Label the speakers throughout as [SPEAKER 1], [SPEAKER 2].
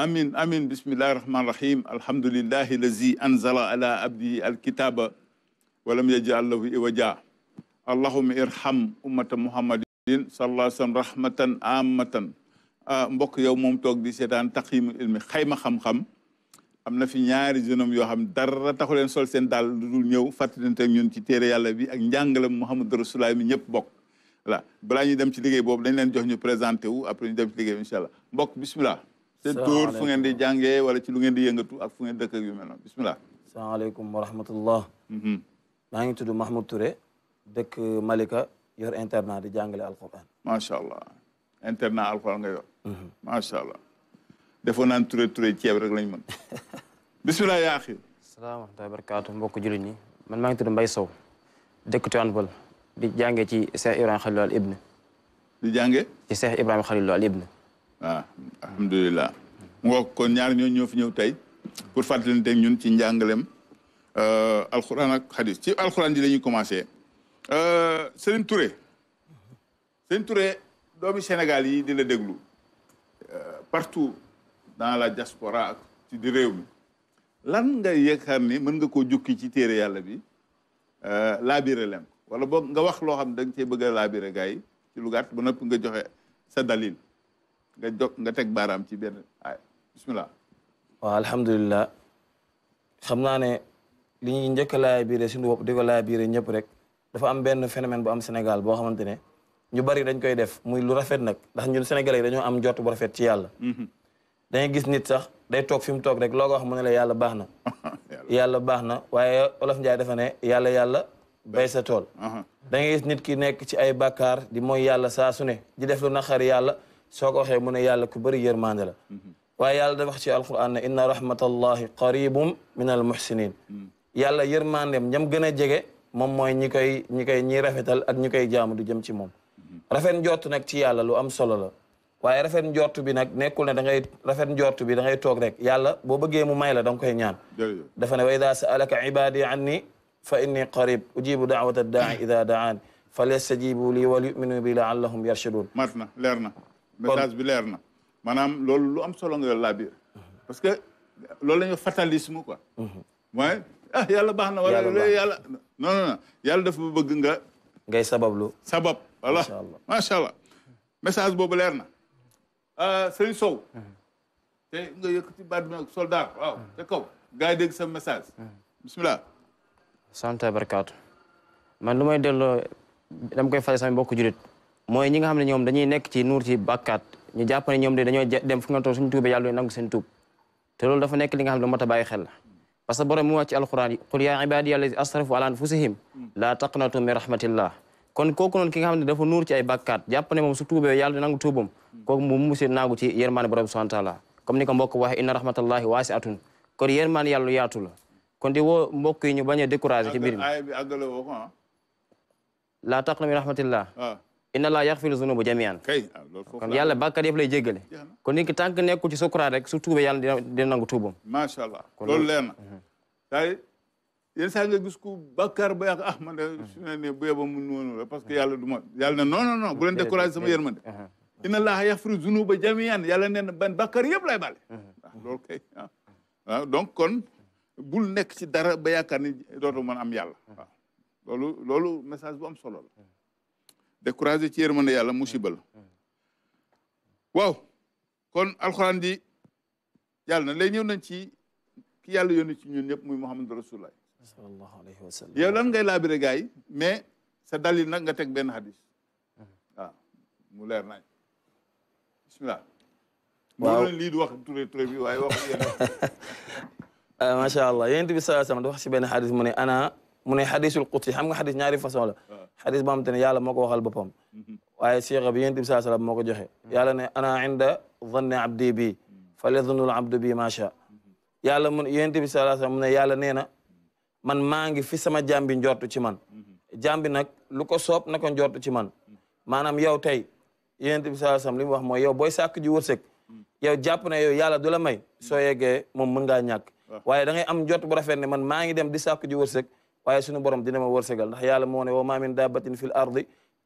[SPEAKER 1] amin amin bismillahi rahmani rahim alhamdulillahi lazi anzala ala abdihi alkitaba walam yajal lahu iwaja allahuma irham ummata muhammadin sallallahu sallam rahmatan amatan ah, mbokk yow moom toog di seetaan taqyimu ilmi xayma xam-xam am na fi ñaari jeune homme yoo xam dara taxu leen sol seen daal lu dul ñëw fàttalante ñun ci téere yàlla bi ak njàngalam Muhammadu Rasulaay mi ñëpp bokk voilà balaa ñuy dem ci liggéey boobu dañ leen jox ñu présenté wu après ñu dem ci liggéey bi incha allah mbokk bismillah
[SPEAKER 2] seen tóor fu ngeen
[SPEAKER 1] di jàngee wala ci lu ngeen di yëngatu ak fu ngeen dëkk ak yu mel noonu bismillah salaamaaleykum wa rahmatullah mm-hmm.
[SPEAKER 2] maa ngi tudd Mahmoud Touré dëkk Malika yor internat di jàngale alquran
[SPEAKER 1] macha allah internat al nga yor mm-hmm. macha allah defoon naan Touré Touré ceeb rek lañ mën bismillah yaa axi salaam wa barakaatu mbokk jullit
[SPEAKER 3] ñi man maa ngi mbay Mbaye Sow dëkk Tivaouane Peulh di jàngee ci Cheikh Ibrahima Khalil Al Ibn
[SPEAKER 1] ci Cheikh Ibrahima Khalil Al Ibn waaw ah, alhamdulilah mu kon ñaar ñoo ñoo fi ñëw tey pour fàttalante ak ñun ci njàngalem euh, alxuraan ak xadis ci alxuraan ji la ñuy commencé euh, Serigne Touré Serigne Touré doomi Sénégal yi di la déglu euh, partout dans la diaspora ak ci di réew mi lan nga yaakaar ni mën nga koo jukki ci téere yàlla bi laabire lem wala boobu nga wax loo xam da nga cee bëgg a laabire gars yi ci lu gàtt ba noppi nga joxe sa dalil nga jokk nga teg baaraam ci benn ay alhamdulilah xam naa ne li ñuy njëkk a
[SPEAKER 2] laaya biire suñu bopp di ko biire ñëpp rek dafa am benn phénomène bu am Sénégal boo xamante ne ñu bari dañ koy def muy lu rafet nag ndax ñun Sénégalais dañoo am njort bu rafet ci yàlla mm-hmm. dangay gis nit sax day toog fi mu toog rek loo ko wax mu ne la yàlla baax na yàlla baax na waaye olof Njaay dafa ne yàlla yàlla bay sa tool uh-huh. da ngay ki nekk ci ay bàkkaar di mooy yàlla saa su def lu naqari yàlla soo ko waxee mu ne yàlla ku bëri yërmande la mm-hmm. waaye yàlla da wax ci alquran ne inna rahmatallahi qaribum min al muhsinin mm-hmm. yàlla yërmandeem ñam gën a jege moom mooy ñi koy ñi koy ñiy rafetal ak ñi koy jaamu di jëm ci moom mm-hmm. rafet njort nag ci yàlla lu am solo la waaye rafet njort bi nag nekkul ne da rafet njort bi da ngay toog rek yàlla boo bëggee mu may la da koy ñaan dafa ne wa ida saalaka ibadi anni fa inni qarib ujibu daawata daa ida daan falyastajibu lii wal yuminu bi
[SPEAKER 1] laallahum yarshadun mat na leer na message bi leer na maanaam loolu lu am solo nga laa biir parce que loolu la ñuy fatalisme ko mhm. mooy ah yàlla baax na wala loolu yàlla non non bëgg nga ngay sabablu sabab voilà macha allah message boobu leer na ah, Serigne Sow te nga yëkkati baat bi nag soldat waaw te kaw gars yi dégg sa message bismillah
[SPEAKER 3] sant barkaatu man lu may delloo dama koy fale sama mbokku jurit mooy ñi nga xam ne ñoom dañuy nekk ci nuur ci bàkkaat ñu ñoom de dañoo dem fu nga toog suñu nekk li nga xam ne lu mat a bàyyi xel parce que borom mu wàcc ci alquran yi qul yaa ibadiya allazi asrafu ala laa taqnatu min rahmatillah ki nga xam ne dafa nuur ci ay bàkkaat jàpp ne moom su tuubee yàlla nangu tuubam kooku moom musi naagu ci yërmaane borom subhanahu taala comme ni ko mbokk waxee inna rahmatallahi waasiatun kon la ah. rahmatillah ah. inna laa yaxfiru zunuba jamian ah, kon yàlla bàkkaar yëpp lay jéggale kon nit ki tant que nekkul ci sukuraat rek su tuubee yàlla mhm.
[SPEAKER 1] nga gis ku bàkkaar ba yàq ah man de su ne ne bu que yàlla du ma yàlla ne non non non bu leen découragé sama yërmande mhm. inna laa yaxfiru zunuba jamian yàlla nee na ban bàkkaar yëpp lay bàle mhm. ah, loolu kay waaw ah. donc kon bul nekk ci dara ba yaakaar ni dootoo mën am yàlla waaw loolu loolu message bu am solo découragé ci yërmande yàlla musibal mm, mm. waaw kon alxuraan di yàlla na léegi ñëw nañ ci ki yàlla yónni ci ñun ñëpp muy Muhammadu Rasulullah sallallahu alayhi wa sallam yow lan yi nag nga teg benn hadis mm-hmm. mu leer nañ bismillah waaw lii du wax turé turé bi waaye wax
[SPEAKER 2] eh, macha allah yonent bi sallallahu alayhi wa sallam wax si benn hadis mu ne ana mu ne hadisul qudsi xam nga hadis ñaari façon la xadis boo xam te ne moo ko waxal boppam mhm. waaye siqa bi yonent bi moo ko joxe yàlla ne ana inda zanne abdi bi fa ledunul abdu bi macha mhm. yàlla mun yonent bi saa salaam mu nee na man maa ngi fi sama jàmbi njortu ci man mhm. jàmbi nag lu ko soob na ko njortu ci man maanaam yow tey yonent bi saa salaam li mu wax mooy yow booy sàkk ji wërsëg yow jàpp na yow yàlla du la may soo yeggee moom mën ngaa ñàkk ah. waaye da am njort bu rafet ne man maa ngi dem di sàkk ji wërsëg waaye suñu borom dina ma wërsëgal ndax yàlla moo ne wa ma min dabatin fil ardi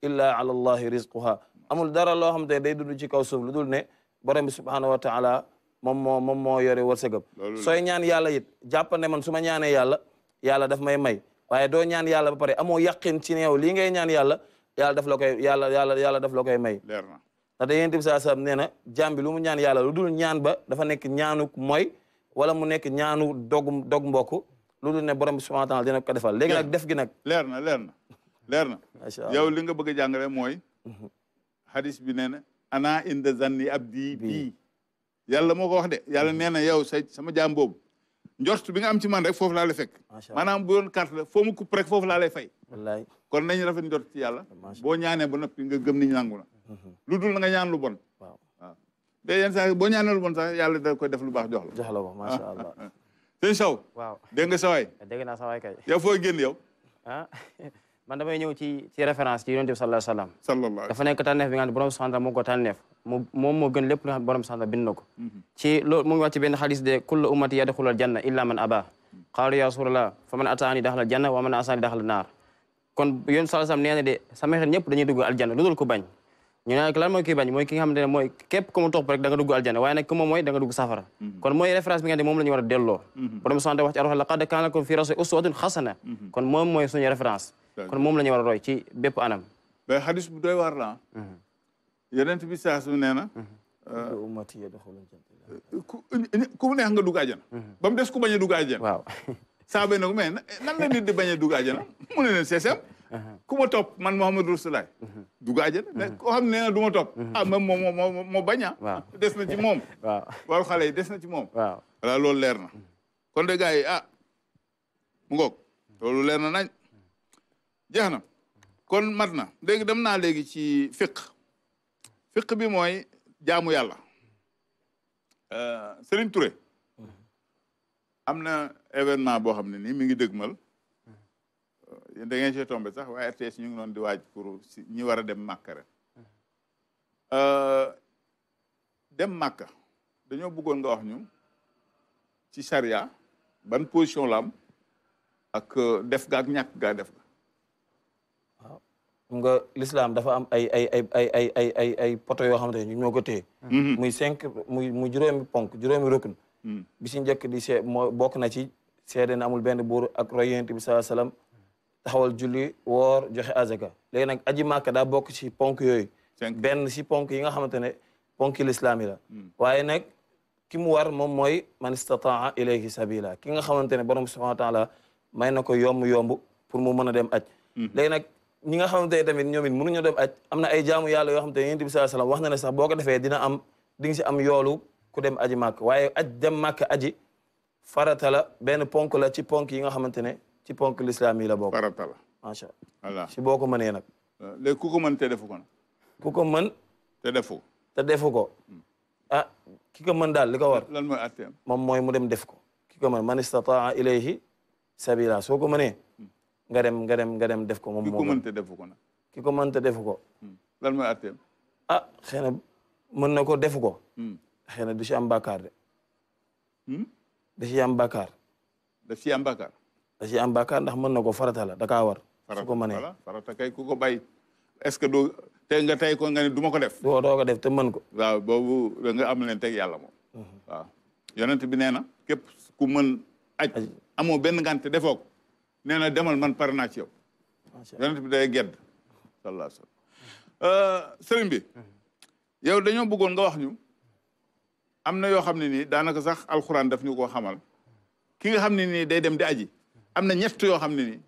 [SPEAKER 2] illa ala allahi rizquha amul dara loo xam te day dund ci kaw suuf lu dul ne borom bi subhanahu wa taala moom moo moom moo yore wërsëgam sooy ñaan yàlla it jàpp ne man su ma ñaanee yàlla yàlla daf may may waaye doo ñaan yàlla ba pare amoo yàqin ci neew lii ngay ñaan yàlla yàlla daf la koy yàlla yàlla yàlla daf la koy may ndax da yonent bi saa nee na jàmm lu mu ñaan yàlla lu dul ñaan ba dafa nekk ñaanuk mooy wala mu nekk ñaanu dog dog mbokk loolu ne borom bi a wa taala dina ko
[SPEAKER 1] defal léegi def gi nag leer na leer na leer na yow li nga bëgg a jàngale mooy mhm. hadis bi nee na ana inda zanni abdi bii yàlla moo ko wax de yàlla mhm. nee na yow say sama jaam boobu njort bi nga am ci man rek foofu laa lay fekk maanaam bu doon carte la foo mu coupe rek foofu laa lay fay wallaay kon nañu rafet njort ci yàlla boo ñaanee ba noppi nga gëm ni na mhm. lu dul na nga ñaan lu bon waaw waaw de yenn saa boo ñaanee lu bon sax yàlla da koy def lu baax jox la la ko macha allah sëñ Sow waaw dégg nga sawaay
[SPEAKER 3] dégg naa sawaay kay yow fooy génn yow ah man damay ñëw ci ci référence ci yonent bi sallallahu alayhi wa sallam dafa bi nga borom santa moo ko tànneef mu moom moo gën lépp lu nga xam borom santa bind na ko mhm. ci loolu mu ngi wax ci benn xadis de kullu ummati yadxulul janna illa man aba qaalu ya rasulallah fa man ataani daxalal janna wa man asaani daxalal naar kon yonent sallallahu alayhi wa sallam nee na de sama xeet ñëpp dañuy dugg aljanna lu dul ko bañ ñu ne lan mooy kii bañ mooy ki nga xamante ne mooy képp ku mu topp rek da nga dugg aljana waaye nag ku mooy da dugg safara mhm. kon mooy référence ne moom la ñu war a delloo mhm. borom sant wax mhm. kon moom mooy suñu référence ci bépp anam
[SPEAKER 1] mais xadis bu doy waar la yonent bi saa su nee na euh, euh, ku dugg aljana ba mu des ku bañ a dugg aljana waaw saabee na nan la nit di bañ a dugg aljana mu ne leen seesam Uh-huh. ku ma topp man Mouhamadou Rasulaay uh-huh. dugg àjjana mais uh-huh. koo xam ne nee na du ma topp ah moom moo moo moo des na ci moom waaw waru xale yi des na ci moom loolu leer na kon de gars yi ah, mu ngoog loolu leer na nañ jeex kon mat na léegi dem naa léegi ci fiq fiq bi mooy jaamu yàlla euh, Serigne Touré am na événement boo xam ne nii mi ngi dëgmal da ngeen cee tombé sax waaye RTS ñu ngi doon di waaj pour si ñi war a dem Màkka ren euh, dem Màkka dañoo bëggoon nga wax ñu ci charia ban position la ak euh, def ga ak ñàkk gaa def ga waaw xam nga l'islam dafa am ay ay ay
[SPEAKER 2] ay ay ay ay ay poto yoo xamante ne ñu ñoo ko muy cinq muy muy juróomi ponk juróomi rukn bi si njëkk di see moo bokk na ci seede na amul benn buur ak roy yonent bi sallallahu taxawal julli woor joxe azaka léegi nag aji màkka daa bokk si ponk yooyu benn si ponk yi nga xamante ne ponk lislaam yi la hmm. waaye nag ki mu war moom mooy man istataa ilayhi sabila ki nga xamante ne borom subhanahu wa taala may na ko yomb-yomb pour mu mën a dem aj hmm. léegi nag ñi nga xamante ne tamit ñoom it mënuñu dem aj am na ay jaamu yàlla yo xamante ne yonent bi sallallahu alayhi wasallam wax na ne sax boo defee dina am di nga si am yoolu ku dem aji màkk waaye aj dem màkk aji farata la benn ponk la ci ponk yi nga xamante ne ci ponk lislaam yi la bokk. farata la macha allah. si boo ko mënee nag. Euh, léegi ku ko mën te defu ko ko mën. te defu. ko. Hmm. ah ki ko mën daal li ko war. lan moom mooy mu dem def ko. ki ko mën man istataa ilayhi sabila soo ko mënee. Hmm. nga dem nga dem nga dem def ko moom. ki ko mën te defu ko nag. defu ko. Hmm. lan ah xëy na mën na ko defu ko. na du si am bàkkaar de. da si da ci am bàkkaar ndax mën na ko
[SPEAKER 1] farata la da kaa war. su ko mënee farata kay ku ko bàyyi est-ce que doo tey nga tey ko nga ne duma ko def. doo doo ko def te mën ko. waaw boobu da nga am leen te yàlla moom. Mhm. waaw bi nee na képp ku mën aj amoo benn ngante defoo ko nee na demal man pare naa ci yow. yonent bi day gedd sallallahu alayhi wasallam euh, sëriñ bi mhm. yow dañoo bëggoon nga wax ñu am na yoo xam ne nii daanaka sax alxuraan daf ñu koo xamal ki nga xam ne nii day dem di aji am na ñett yoo xam ne ni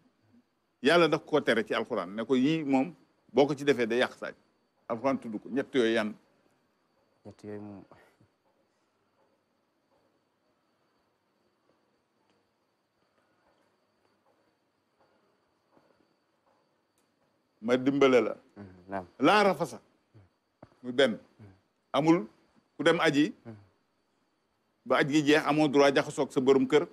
[SPEAKER 1] yàlla daf koo tere ci alxuraan ne ko yii moom boo ko ci defee day yàq saaj alxuraan tudd ko ñett yooyu yan. ñett ma dimbale la. Mm-hmm. laa rafasa. mu benn. Mm-hmm. amul ku dem aji. Mm-hmm. ba aj gi jeex amoo droit jaxasoog sa borom kër.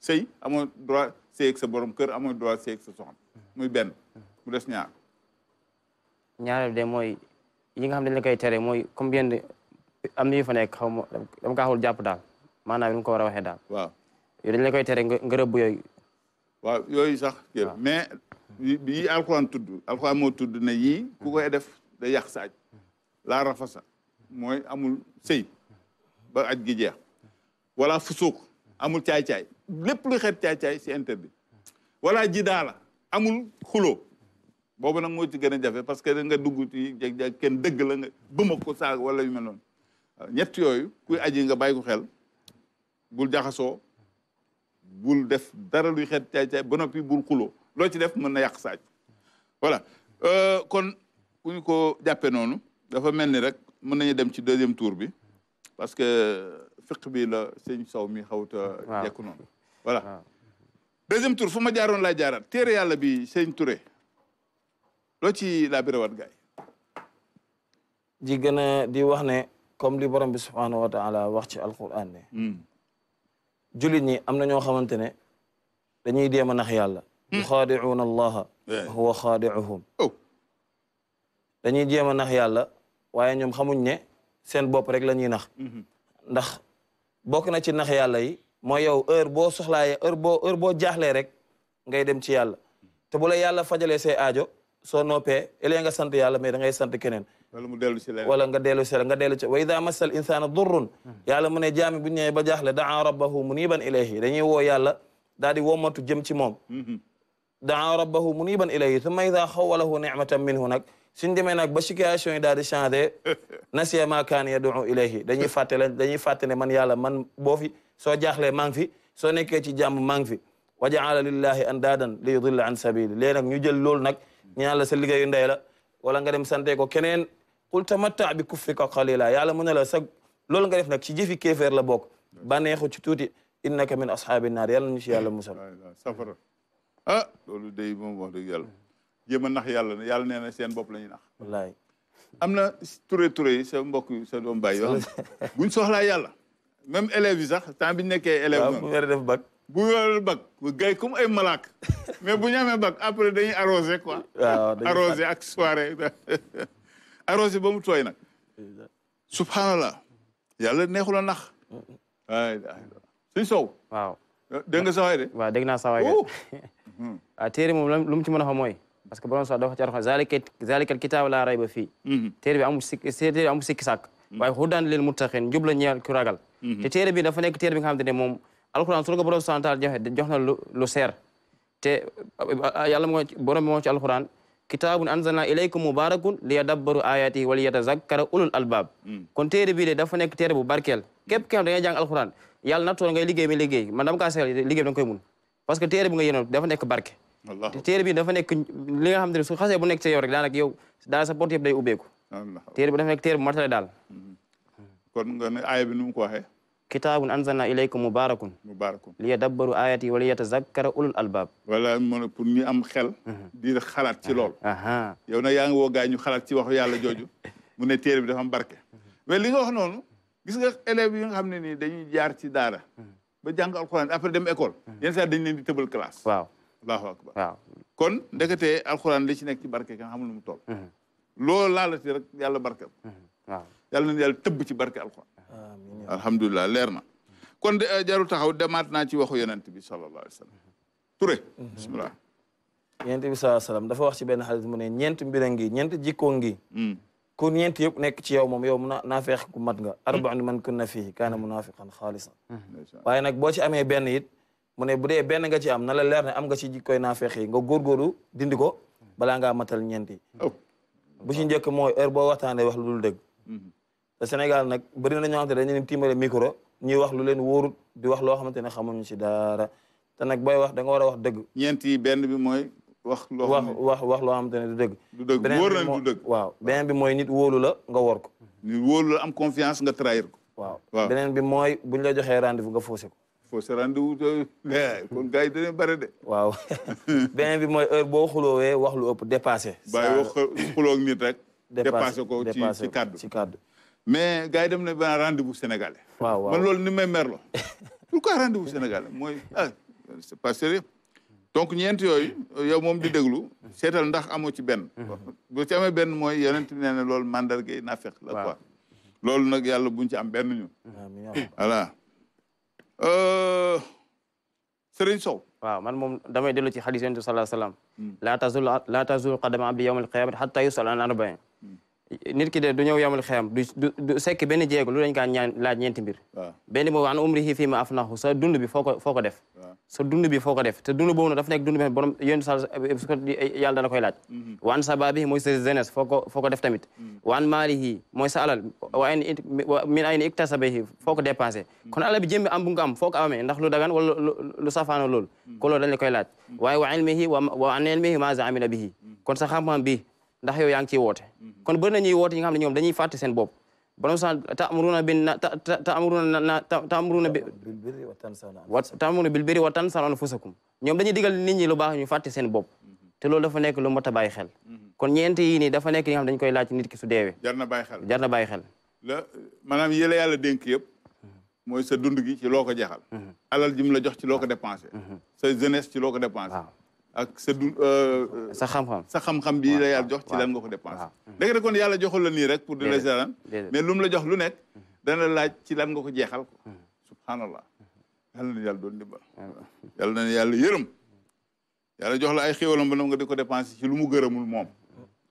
[SPEAKER 1] sëy amoo droit sëy ak sa borom kër amoo droit sëy sa soxna muy benn mu des ñaar
[SPEAKER 3] ñaareel de mooy yi nga xam ne dañ la koy tere mooy combien de am na yu fa nekk xaw ma dama kaa xawul jàpp daal maanaam lu ko war a waxee daal
[SPEAKER 1] waaw yooyu dañ la koy
[SPEAKER 3] tere nga rëbb yooyu
[SPEAKER 1] waaw yooyu sax mais yi alxuraan tudd alxuraan moo tudd na yii ku koy def da yàq sa aj laa rafasa mooy amul sëy ba aj gi wala fusuuk amul caay-caay lépp lu xeet caay-caay c'est interdit wala ji daala amul xuloo boobu nag moo ci gën a jafe parce que nga dugg ti jeg-jeg kenn dëgg la nga bëma ko saag wala yu mel noonu ñett yooyu kuy aji nga bàyyi ko xel bul jaxasoo bul def dara luy xeet caay-caay ba noppi bul xuloo loo ci def mën na yàq saaj voilà euh, kon ku ko jàppee noonu dafa mel ni rek mën nañu dem ci deuxième tour bi parce que fiq bi la sëñ saw mi xawta jekku noonu voilà ah. deuxième fu ma jaaroon laa jaaraat téere yàlla bi sëñ Touré loo ci laa birawat gaay
[SPEAKER 2] ji di wax ne comme li borom bi subhaanahu wa wax ci alquran ne hmm. jullit ñi am na ñoo xamante ne dañuy deem a nax yàlla hmm. yuxaadicuuna allaha eh. huwa xaadicuhum oh. dañuy jéem a nax yàlla waaye ñoom xamuñ ne seen bopp rek la ñuy nax hmm. ndax bokk na ci nax yàlla yi mooy yow heure boo soxlaaye heure boo heure boo jaaxlee rek ngay dem ci yàlla te bu la yàlla fajalee say aajo soo noppee ëllëg nga sant yàlla mais da ngay sant keneen
[SPEAKER 1] wala mu dellu si la wala
[SPEAKER 2] nga dellu si la nga dellu ci wa ida massal insaana durrun hmm. yàlla mu ne jaami bu ñëwee ba jaaxle daa rabbahu muniban ilayhi dañuy woo yàlla daal di wommatu jëm ci moom hmm. daa rabbahu muniban ilayhi thumma ida xawalahu nicmatan minhu nag suñ demee nag ba situation yi daal di changé nasiya ma kaan yad'u ilayhi dañuy fàtte leen dañuy fàtte ne man yàlla man boo fi soo jaaxlee maa ngi fi soo nekkee ci jàmm maa ngi fi wa jaala lillahi andaadan li yudilla an sabili léegi nag ñu jël loolu nag ñu la sa liggéeyu ndey la wala nga dem sante ko keneen qul tamatta bi kufrika qalila yàlla mu ne la sa loolu nga def nag ci jëfi kéeféer la bokk
[SPEAKER 1] bànneexu ci tuuti
[SPEAKER 2] innaka min ashaabi naar yàlla ñu si yàlla musal safara ah
[SPEAKER 1] loolu day moom wax dëgg yàlla jéem a nax yàlla na yàlla nee na seen bopp la ñuy nax. wallaay am na ture ture yi sa mbokk yi sa doom yoo buñ soxlaa yàlla même élèves yi sax temps biñ nekkee élèves waaw bu weer def bac bu weer bac gay comme ay malaak mais bu ñu amee bac après dañuy arrosé quoi arrosé ak soirée arrosé ba mu tooy nag subhanallah yàlla neexul a nax si mm. suñ sow waaw dégg nga sawaay de waaw dégg naa sawaay de
[SPEAKER 3] mm-hmm. téere moom lu mu ci mën a xam mooy parce que borom sax dafa ci Alxuraan zalika zalikal kitaabu laa rayba fii mhm. bi amul sikk téere mhm. hudan lil muttaqin njub la ñeel mhm. te téere bi dafa nekk téere bi nga xamante ne moom Alxuraan su ko borom subhaanahu wa taala te yàlla moo borom moo ci Alxuraan kitaabun anzalnaa ilaykum mubaarakun liyadabbaru ulul albaab kon téere bii de dafa nekk téere bu barkeel képp ki xam da ngay jàng Alxuraan yàlla nattoon ngay liggéey mi liggéey man dama kaa seer liggéey bi da koy mun parce que téere bi nga yénoon dafa nekk barke te téere bi dafa nekk li nga xam ne su xasee bu nekk ci yow rek daanaka yow daal sa porte yëpp day ubbeeku téere bi dafa nekk téere bu matale daal mhm. kon nga ne bi nu mu ko waxee kitaabun anzalna ilaykum mubarakun mubarakun li yadabbaru ayati wa li yatazakkara ulul albab
[SPEAKER 1] wala mën pour ñu am xel mhm. di xalaat ci lool yow nag yaa ngi woo gaay ñu xalaat ci wax yàlla jooju mu ne téere bi dafa am barke mhm. mais li nga wax noonu gis nga élèves yi nga xam ne nii dañuy jaar ci daara ba jàng alxuraan après dem école yenn saa dañ leen di tëbal classe waaw allahu akbar waaw kon ndeketee alxuraan li ci nekk ci barke kan xamul nu mu toll mhm. loolu laalati rek yàlla barke mhm. waaw yàlla na yàlla tëbb ci barke alxuraan alhamdulilah leer na kon de eh, jarul taxaw demaat naa ci waxu yonent bi sallallahu alayhi wa sallam Touré mhm. bismillah
[SPEAKER 2] yonent bi sallallahu alayhi dafa wax ci benn xadis mu ne ñeent mbir a ngi ñeent jikko hmm. ku ñeent yëpp nekk ci yow moom yow mun naa feex ku mat nga hmm. arbaun man na fii kaana munafiqan xaalisa hmm. waaye nag boo ci amee benn it bu ne bu dee benn nga ci am na la leer ne am nga ci jikkoy naafeq yi nga góorgóorlu dindi ko balaa ngaa matal ñeenti bu ci njëkk mooy heure boo waxtaanee wax lu dul dëgg te Sénégal nag bëri na ñoo xamante dañu leen tiimale micro ñuy wax lu leen wóorut di wax loo xamante ne xamuñu si dara te nag booy wax da nga war a wax dëgg ñeent yi benn bi mooy wax loo wax wax wax loo xamante ne du dëgg du dëgg wóor na du dëgg waaw benn bi mooy nit
[SPEAKER 1] woolu la nga wor ko nit wóolu la am confiance nga trahir ko waaw beneen bi mooy buñ la joxee rendez-vous nga faussé ko foo sarandi wu kon gars yi dinañ bare de.
[SPEAKER 2] waaw
[SPEAKER 1] beneen bi mooy heure boo xuloowee wax lu ëpp dépassé. bàyyi wax xuloo ak nit rek. dépassé ko ci kaddu ci kaddu. mais gars yi dem na ba rendez-vous sénégalais. waaw waaw man loolu ni may merlo. pourquoi rendez-vous sénégalais mooy ah c'est pas sérieux donc ñeent yooyu yow moom di déglu seetal ndax amo ci benn. Mhm. boo ci amee benn mooy yonent nee na loolu mandarga yi naafeq la quoi. loolu nag buñ ci am benn ñu. voilà. Euh, Serigne Sow. waaw man moom damay dellu ci xadis yonent bi sallallahu alayhi wasallam hmm.
[SPEAKER 3] laa tazul laa tazul qadama abdi yawmal qiyaamati hatta yus'al hmm. nit ki de du ñëw yawmal qiyaam du du sekk benn jéego lu dañ kaa ñaan laaj ñeenti mbir benn moo wax an umrihi fii ma afnahu sa dund bi foo ko foo ko def sa dund bi foo ko def te dund boobu nag koy laaj mm-hmm. waan sabaabi mooy sa jeunesse foo ko foo ko def tamit mm-hmm. waan maalihi mooy sa alal wa ayni min ayni iktasabihi foo ko dépassé mm-hmm. kon alal bi jëmmi am bu am foo ko amee ndax lu dagan wala lu safaano loolu ko loolu dañ la koy laaj waaye wa ilmihi wa an ilmihi ma amila bihi kon sa xam-xam bi ndax yow yaa ngi woote kon bëri na ñuy woote ñi nga xam ne ñoom dañuy fàtte seen bopp borom subhanahu ta'muruna bin ta'muruna ta'muruna ta'muruna bil birri wa tansawna anfusakum ñoom dañuy digal nit ñi lu baax ñu fàtte seen bopp te loolu dafa nekk lu mot a bàyyi xel mhm. kon ñeent yi nii dafa nekk yi dañ koy laaj nit ki su deewee
[SPEAKER 1] jar na bàyyi xel jar na bàyyi xel la maanaam yële yàlla dénk yëpp mooy sa dund gi ci loo ko jeexal mhm. alal ji mu la jox ci loo ko dépensé mhm. sa jeunesse ci loo ko dépensé ak sa du. Euh, euh, sa xam-xam sa xam-xam bi la yàlla jox ci lan nga ko dépense. dëgg la kon yàlla joxul la nii rek pour. déedéet mais lu mu la jox lu nekk. Mm-hmm. dana laaj ci lan nga ko jeexal ko mm-hmm. subhanallah mm-hmm. yàlla na yàlla doon dimbal yàlla yàlla yërëm yàlla jox la ay xéwalam ba nga di ko dépensé ci lu mu gërëmul moom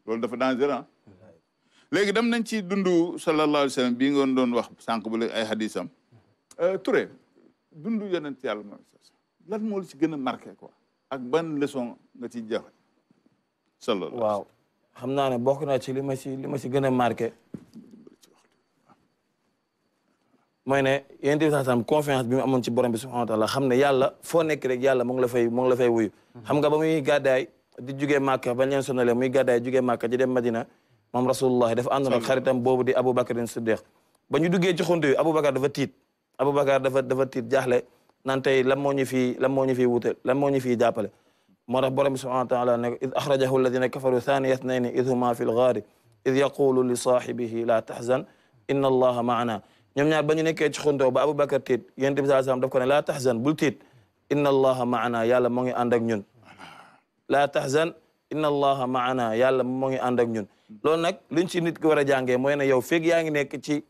[SPEAKER 1] loolu dafa dangereux ah. léegi dem nañ ci dundu sallallahu alayhi wa bii nga doon wax sànq ba léegi ay hadisam euh, Touré dundu yonent yàlla moom lan moo la ci gën a marqué quoi ak ban leçon nga ci jaxe waaw xam naa ne bokk naa ci li ma si li ma si gën a
[SPEAKER 2] marqué mooy ne yéen tamit sax confiance bi mu amoon ci borom bi subhanahu wa xam ne yàlla foo nekk rek yàlla mu la fay mu la fay wuyu. Hmm. xam nga ba muy gàddaay di jugee Màkka bañ leen sonalee muy gàddaay jugee Màkka di dem Madina moom rasulullah dafa àndoon xaritam boobu di Aboubacar Siddiq ba ñu duggee ci xuntu yi dafa tiit Aboubacar dafa nan tey lan moo ñu fii lan moo ñu fii wutal lan moo ñu fii jàppale moo tax borom bi subhanahu wa taala ne id axrajahu alladina kafaru thaniya thnayni id huma fi lgaari id yaqulu li saaxibihi la taxzan inna allaha maana ñoom ñaar ba ñu nekkee ci xuntoo ba aboubacar tiit yonent bi saa salaam daf ko ne laa taxzan bul tiit inna allaha maana yàlla moo ngi ànd ak ñun laa taxzan inna allaha maana yàlla moo ngi ànd ak ñun loolu nag liñ ci nit ki war a jàngee mooy ne yow feeg yaa ngi nekk ci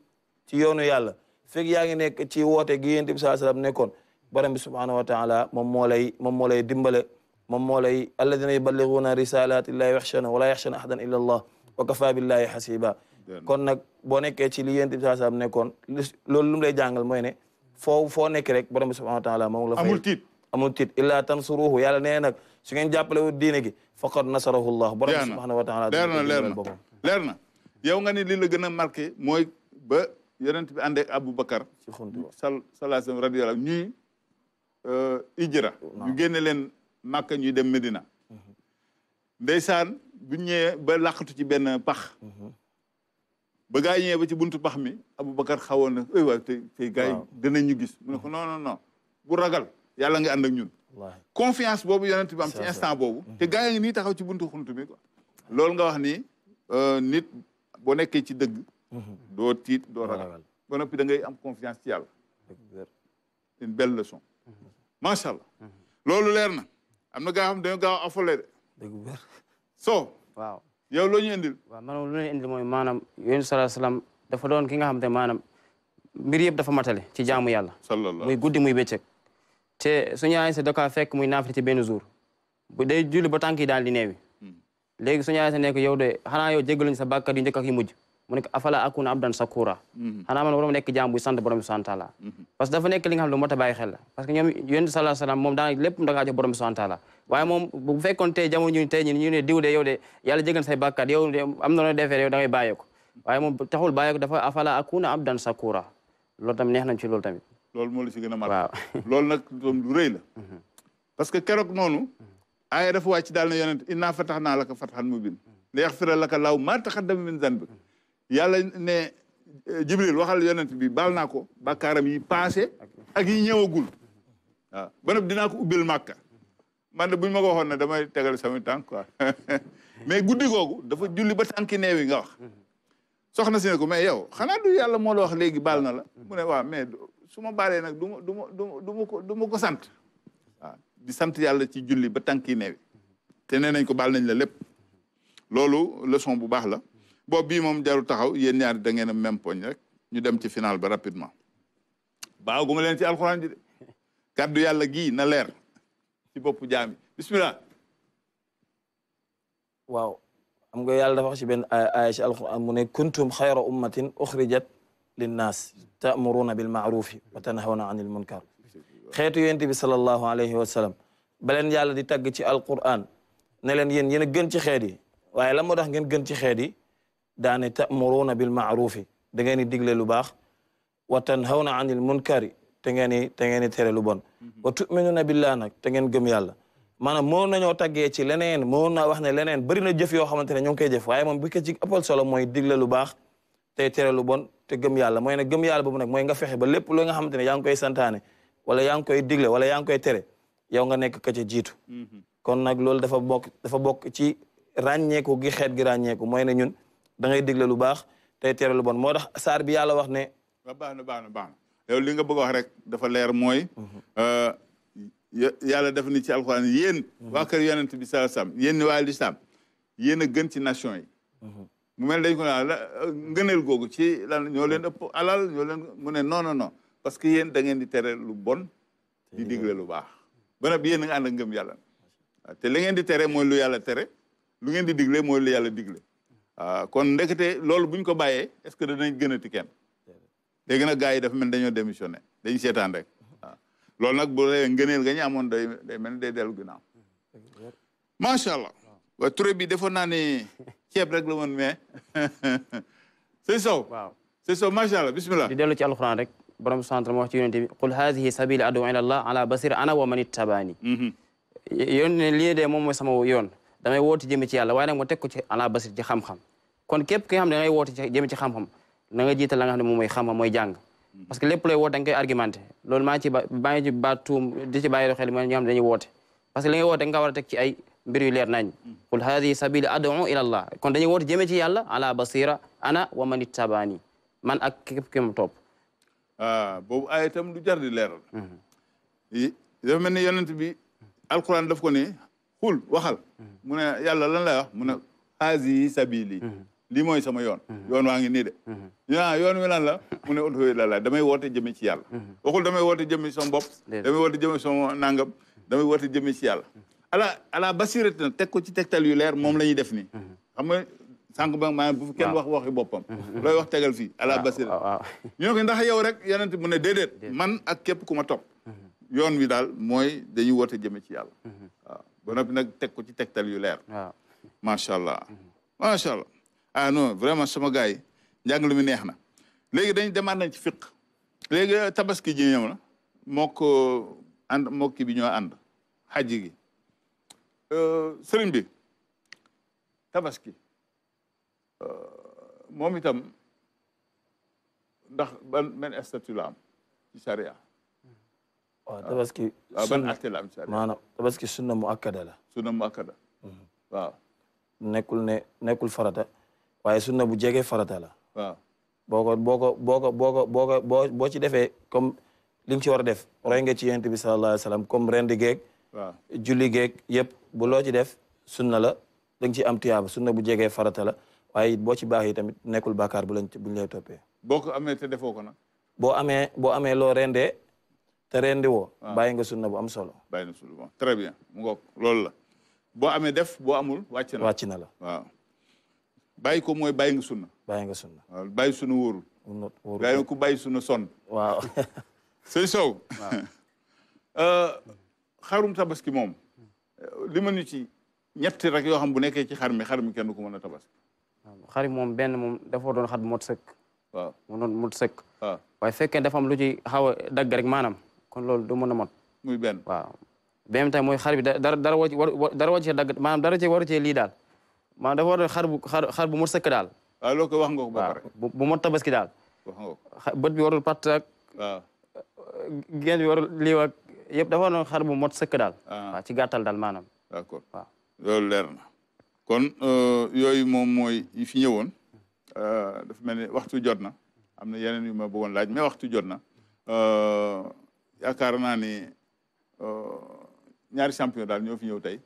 [SPEAKER 2] ci yoonu yàlla feeg yaa ngi nekk ci woote gi yonent bi saa salaam nekkoon borom bi subhaanahu wa moom moo moom moo lay dimbale moom moo lay alladina yuballighuuna risalati llahi yaxshana wala yaxshana ahadan illa allah wa kafa billahi hasiba kon nag boo nekkee ci li yéen bi saa saam nekkoon loolu lu lay jàngal mooy ne foo foo nekk rek borom bi subhaanahu wa taala moom la fay amul tiit amul tiit illaa tansuruhu yàlla nee nag su ngeen jàppale
[SPEAKER 1] wu diine gi faqad nasarahu llah borom bi subhaanahu wa taala leer na leer na boppam na yow li la gën a marqué mooy ba yonent bi ànd ak Aboubacar ci xuntu sal salaa sallam radiyallahu Euh, ijra ñu génne leen màkka ñuy dem Medina. Mhm. ndeysaan bu ñëwee ba làqatu ci benn pax mhm. ba gaa ba ci buntu pax mi Aboubacar xawoon na ay waay tey tey gaa yi gis mu ne bu ragal yàlla nga ànd ak ñun confiance boobu yonent bi am ci instant boobu mhm. te gaa yi ngi nii taxaw ci buntu xuntu bi quoi loolu nga wax ni euh, nit boo nekkee ci dëgg doo tiit doo ragal ba noppi da ngay am confiance ci yàlla une leçon macha loolu leer na am na gaa xam dañoo gaaw a affolé de. so waaw yow loo ñu indil. waaw man lu ñu indil mooy maanaam
[SPEAKER 3] yéen sallallahu alayhi wasallam dafa doon ki nga xam te maanaam mbir yëpp dafa matale ci jaamu yàlla. sallallahu muy guddi muy bëccëg. te suñu ayisa da kaa fekk muy naafli ci benn jour. bu day julli ba tànk daal di neewi. Hmm. léegi suñu ayisa nekk yow de xanaa yow jéggaluñ sa bàkkaar yu njëkk ak yu mujj. mu nekk afala akuna abdan sakura mhm. mhm. parce que dafa nekk li xam lu mot a xel parce que ñoom yonent moom daanaka lépp da ngaa borom bi waaye moom fekkoon tey jamono ñu tey ñun ne diw de yow de say bàkkaat yow am na noo yow da ngay waaye moom taxul bàyyeeku dafa afala akuna abdan sakura loolu tamit neex nañ ci loolu tamit
[SPEAKER 1] loolu moo la a lu rëy la mhm. parce que keroog noonu aaya dafa wàcc daal na yonent inna fatahnaa laka fathan laka laahu maa yàlla ne euh, Jibril waxal yonent bi baal naa ko bàkkaaram yi passé ak yi ñëwagul waaw ba noppi dinaa ko ubbil màkka man de buñ ma ko waxoon na damay tegal sama tànk quoi mais guddi googu dafa julli ba tànki neewi nga wax soxna si ko mais yow xanaa du yàlla moo la wax léegi baal na la mu ne waa mais su ma baalee nag du ma du ma du ko du ko sant waaw di sant yàlla ci julli ba tànki neewi te nee nañ ko baal nañ la lépp loolu leçon bu baax la boobu bii moom jaru taxaw yéen ñaari da ngeen a même poñ rek ñu dem ci final ba rapidement baaguma leen ci alxuraan ji kàddu yàlla gi na leer ci boppu jaami bismillah
[SPEAKER 2] waaw xam nga yàlla dafa wax ci benn aaya ci alquran mu ne kuntum xayra ummatin uxrijat linnaas ta'muruna bil ma'rufi wa tanhawna anil munkar xeetu yonent bi sallallahu alayhi wa sallam baleen yàlla di tagg ci alquran ne leen yéen yéen a gën ci xeet yi waaye lan moo tax ngeen gën ci xeet yi daane tamuruuna bil maarufi da ngeen di digle lu baax wa tanhawna anil munkari te ngeen di te ngeen di tere lu bon mhm. wa tuminuuna billah nag te ngeen gëm yàlla maanaam moo nañoo taggee ci leneen moo naa wax ne leneen bëri na jëf yoo xamante ne ñoo ngi koy jëf waaye moom bi ko ci ëppal solo mooy digle lu baax tey tere lu bon te gëm yàlla mooy ne gëm yàlla boobu nag mooy nga fexe ba lépp loo nga xamante ne yaa ngi koy santaane wala yaa koy digle wala yaa ngi koy tere yow nga nekk ka ca jiitu mhm. kon nag loolu dafa bokk dafa bokk ci ràññeeku gi xeet gi ràññeeku mooy ne ñun da ngay digle lu baax
[SPEAKER 1] tey tere lu bon moo tax saar bi yàlla wax ne. waaw baax na baax na baax na yow li nga bëgg wax rek dafa leer mooy. Mhm. Euh, yàlla def ni ci alxuraan yéen. Mhm. waa kër yonent bi sala sam yéen ni waa lislaam yéen a gën ci nation yi. Mhm. mu mel dañ ko naan la ngëneel googu ci lan ñoo leen ëpp alal ñoo leen mu ne non non non parce que yéen da ngeen di tere lu bon. di digle lu baax. ba nag yéen a ngi ànd ak ngëm yàlla. te li ngeen di tere mooy lu yàlla tere lu ngeen di digle mooy lu yàlla digle. Ah, kon ndekete loolu buñ ko bàyyee est-ce que danañ gën a ti kenn léegi nag yi dafa mel dañoo démissionné dañ seetaan rek waaw loolu nag bu dee ngëneel nga amoon day day mel ni day dellu ginnaaw macha allah waaye turé bi defoon naa ne ceeb rek la woon mais sëñ Sow waaw sëñ Sow macha allah bismillah di dellu ci alquran rek borom centre mo wax ci yonent bi qul
[SPEAKER 3] haadihi sabili adu ila a ala basir ana wa man ittabaani mhm. yoon ne lii moom mooy sama yoon damay woote jëme ci yàlla waaye nag ma teg ko ci ala basir ci xam kon képp ki nga xam ne da ngay woote ci ci xam-xam na nga jiital la nga moom mooy xam-xam mooy jàng mm-hmm. parce que lépp looy woote da nga koy argumenté loolu maa ngi ci ba maa ngi ci ba tuum di ci bàyyi xel mooy ñi nga xam ne dañuy woote parce que li ngay woote da nga war a teg ci ay mbir yu leer nañ mm-hmm. qul haadihi sabili ad'u ila allah kon dañuy woote jëmee ci yàlla ala basira ana
[SPEAKER 1] wa man ittabaani man ak képp ki ma topp ah, boobu aaya itam du jar di leeral mm-hmm. ni yonent bi alquran daf ko ne xul waxal mu ne yàlla lan lay wax mu ne haadihi sabili lii mooy sama yoon mhm. yoon waa ngi nii de ñu mhm. yoon wi lan la mhm. mu ne autoroute la la damay woote jëme ci yàlla waxul damay woote jëme sama bopp damay woote jëme sama nangam damay woote jëme ci yàlla ala ala basirat na teg ko ci tegtal yu leer moom la ñuy def nii xam nga sànq ba maa bu fi kenn wax waxi boppam looy wax tegal fi ala basirat ñu ne ndax yow rek yonent mu ne déedéet man ak képp ku ma topp yoon wi daal mooy dañuy woote jëme ci yàlla ba noppi nag teg ko ci tegtal yu leer macha allah macha allah ah vraiment sama gars yi njàngale mi neex na léegi dañ demaat nañ ci fiq léegi euh, tabaski ji ñëw na moo ko euh, ànd moo kii bi ñoo ànd xaj gi euh, sëriñ bi tabaski moom itam ndax ban men statut la am ci charia waaw tabaski ah, waaw ban atte la
[SPEAKER 2] sunna mu akkada la
[SPEAKER 1] sunna mu akkada mhm.
[SPEAKER 2] waaw nekkul ne nekkul farata waaye sunna bu jege farata la. waaw boo ko boo ko boo ko boo ko boo ko boo boo ci defee comme li nga ci war a def roy nga ci yonent bi sallallahu alayhi comme rendi geeg. waaw yëpp bu loo ci def sunna la da nga ciy am tuyaaba sunna bu jege farata la waaye boo ci baax yi tamit nekkul bàkkaar bu lañ bu ñu lay toppee.
[SPEAKER 1] boo ko amee te defoo ko nag.
[SPEAKER 2] boo amee boo amee loo rendee
[SPEAKER 1] te rendi woo. bàyyi nga sunna bu am solo. bàyyi na solo loolu la boo amee def boo amul wàcc wàcc na la waaw. bàyyi ko mooy bàyyi nga sunna bàyyi nga sunna waaw bàyyi sunna wóorul wóorul gaa yi ku bàyyi sunna sonn waaw sëñ Sow euh, xarum tabaski moom li ma ñu ci ñetti rek yoo xam bu nekkee ci xar mi xar mi kenn ku mën a tabaski xar yi moom benn moom dafa doon
[SPEAKER 3] xat mot sëkk waaw mu doon waaye fekkee dafa am lu ci xaw a dagg rek maanaam kon loolu du mën a mot muy benn waaw benn tamit mooy xar bi dara dara war dara war cee dagg maanaam dara cee waru cee lii daal maanaam dafa war a xar bu xar bu mot sëkk daal. waaw loo ko wax nga ko ba pare. bu bu mot tabaski daal. bët bi warul pàtt ak. waaw génn bi warul lii ak yëpp dafa war a xar bu mot sëkk daal. Ah. ci gàttal daal maanaam.
[SPEAKER 1] d'accord leer na. kon euh, yooyu moom mooy yi fi ñëwoon euh, dafa mel ni waxtu jot na am na yeneen yu ma bëggoon laaj mais waxtu jot na euh, yaakaar naa ni ñaari champion daal ñoo fi ñëw tey.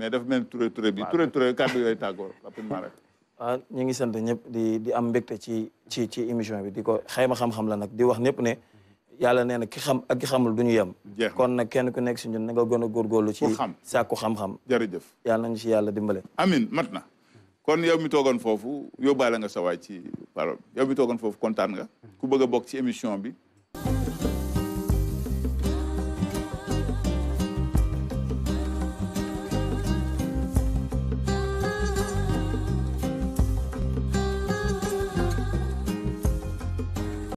[SPEAKER 1] mais dafa mel ni Touré Touré bi Touré Touré kàddu yooyu tàggoo rapidement rek.
[SPEAKER 2] ah ñu ngi sant ñëpp di di am mbégte ci ci ci émission bi di ko xayma xam-xam la nag di wax ñëpp ne yàlla nee na ki xam ak ki xamul du ñu yem. kon na kenn ku nekk si ñun na nga gën a góorgóorlu. ci sàkku xam-xam. jërëjëf
[SPEAKER 1] yàlla nañu si yàlla dimbale. amin mat na kon yow mi toogoon foofu yóbbaale nga sa ci parole yow mi toogoon foofu kontaan nga. ku bëgg bokk ci émission bi.